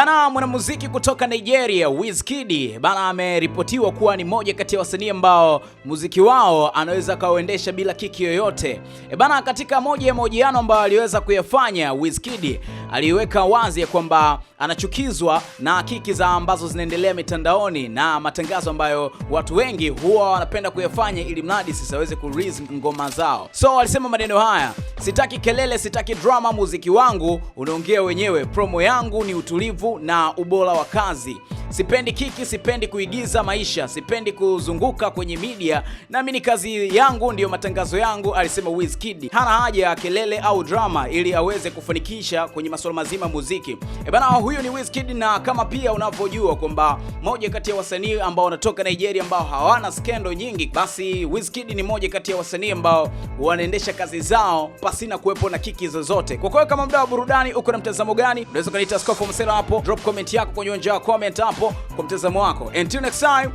Bana, mwanamuziki kutoka Nigeria Wizkid bana ameripotiwa kuwa ni moja kati ya wasanii ambao muziki wao anaweza akauendesha bila kiki yoyote. E bana, katika moja ya mahojiano ambayo aliweza kuyafanya Wizkid aliweka wazi ya kwamba anachukizwa na kiki za ambazo zinaendelea mitandaoni na matangazo ambayo watu wengi huwa wanapenda kuyafanya ili mradi sisi aweze kurelease ngoma zao. So alisema maneno haya, sitaki kelele, sitaki drama, muziki wangu unaongea wenyewe, promo yangu ni utulivu na ubora wa kazi. Sipendi kiki, sipendi kuigiza maisha, sipendi kuzunguka kwenye media, naamini kazi yangu ndiyo matangazo yangu, alisema Wizkid. Hana haja ya kelele au drama ili aweze kufanikisha kwenye masuala mazima muziki. E bana, huyu ni Wizkid, na kama pia unavyojua kwamba moja kati ya wasanii ambao wanatoka Nigeria ambao hawana skendo nyingi, basi Wizkid ni moja kati ya wasanii ambao wanaendesha kazi zao pasina kuwepo na kiki zozote. Kwa kweli, kama mda wa burudani, uko na mtazamo gani? Unaweza ukaniita Skofu Msela hapo drop comment yako kwenye uwanja wa comment hapo kwa mtazamo wako. Until next time,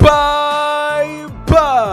bye bye.